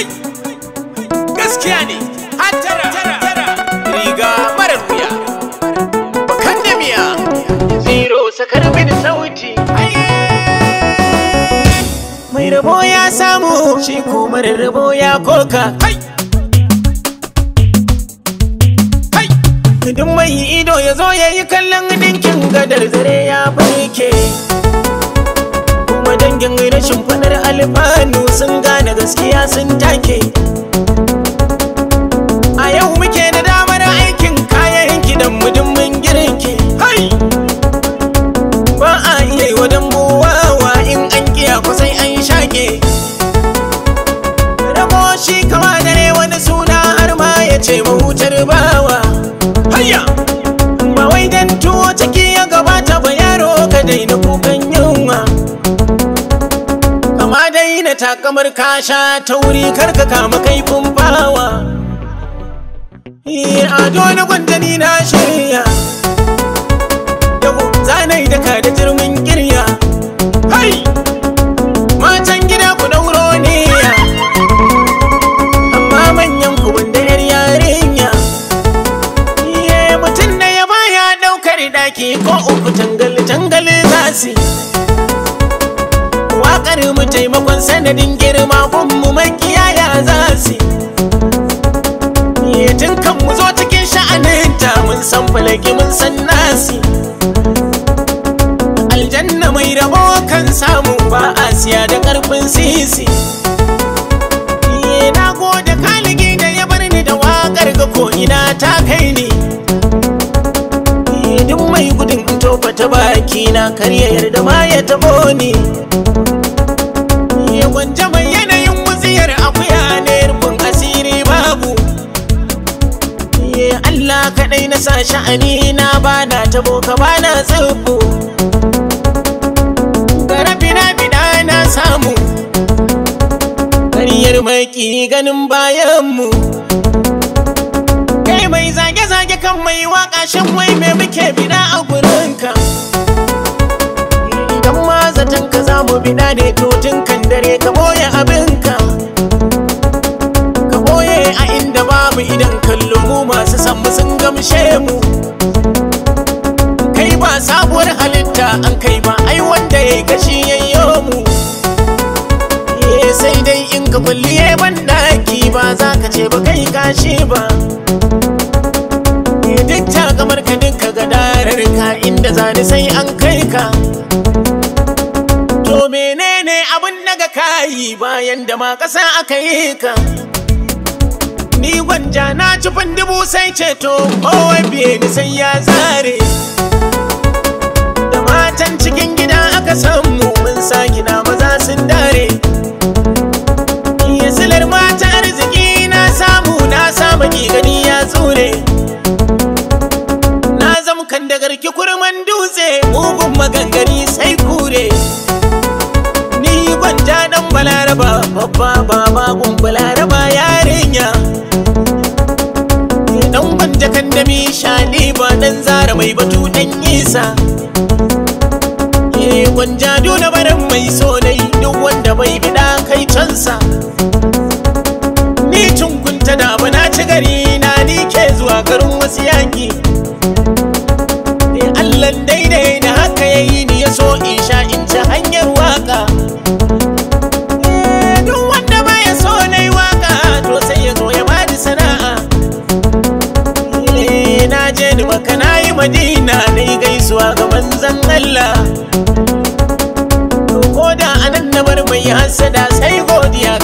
hai gaskiya ne hatara riga marar wuya bakan da miya zero sakar mini sauti mai rabo ya samu shi kuma rabo ya koka duk mai ido ya zo ya yi kallon dinkin gadar zare ya barke alfanu sun gane gaskiya sun take a yau muke da damar aikin kayan gidan mudummin girki hai ba a iya yi wa buwawa in an kiya kusan an shaƙe rabo shi kawa dare wani suna har ma ya ce mahutar bawa hayya takamar ka sha ta wuri ka kama kai a eh, ado na gwandani na shirya yau zanai da ka da jirgin kirya hai matan gida ku dauro ne amma manyan ku wanda yar yarinya eh, mutum da ya baya daukar daki ko uku tangal tangal za bari mu taimakon sanadin girma mu ya za su yi tun kan mu zo cikin ta mun san falaki mun san nasi aljanna mai rabo kan samu ba a siya da karfin sisi na gode kaligi da ya bar da wakar ga ko ta kai ni duk mai gudun tofa ta baki na karya yarda ma ya tabo ni sha'ani na bana tabo ka bana tsibbo garabi na bida na samu ƙaryar maki ganin bayanmu kai mai zage-zage kan mai waka shan wai mai muke bida a gurinka idan ma zaton ka za mu bida ne to ka kashi yayyo mu eh, sai dai in ka kulliye ban daki ba za ka ce ba kai kashi ba eh, duk ta kamar ka duka darar ka inda zani sai an kai ka to menene abin daga kayi bayan da ma kasa aka yi ka ni gwanja na cifin dubu sai ceto to, biye ni sai ya zare dan zara mai batu dan isa eh gwanja na barin mai so dai duk wanda bai gida kai cansa ni tungunta da abu na ci gari na ni ke zuwa garin wasu yanki. madina na yi gaisuwa ga manzan Allah ko da anan na bar mai hasada sai godiya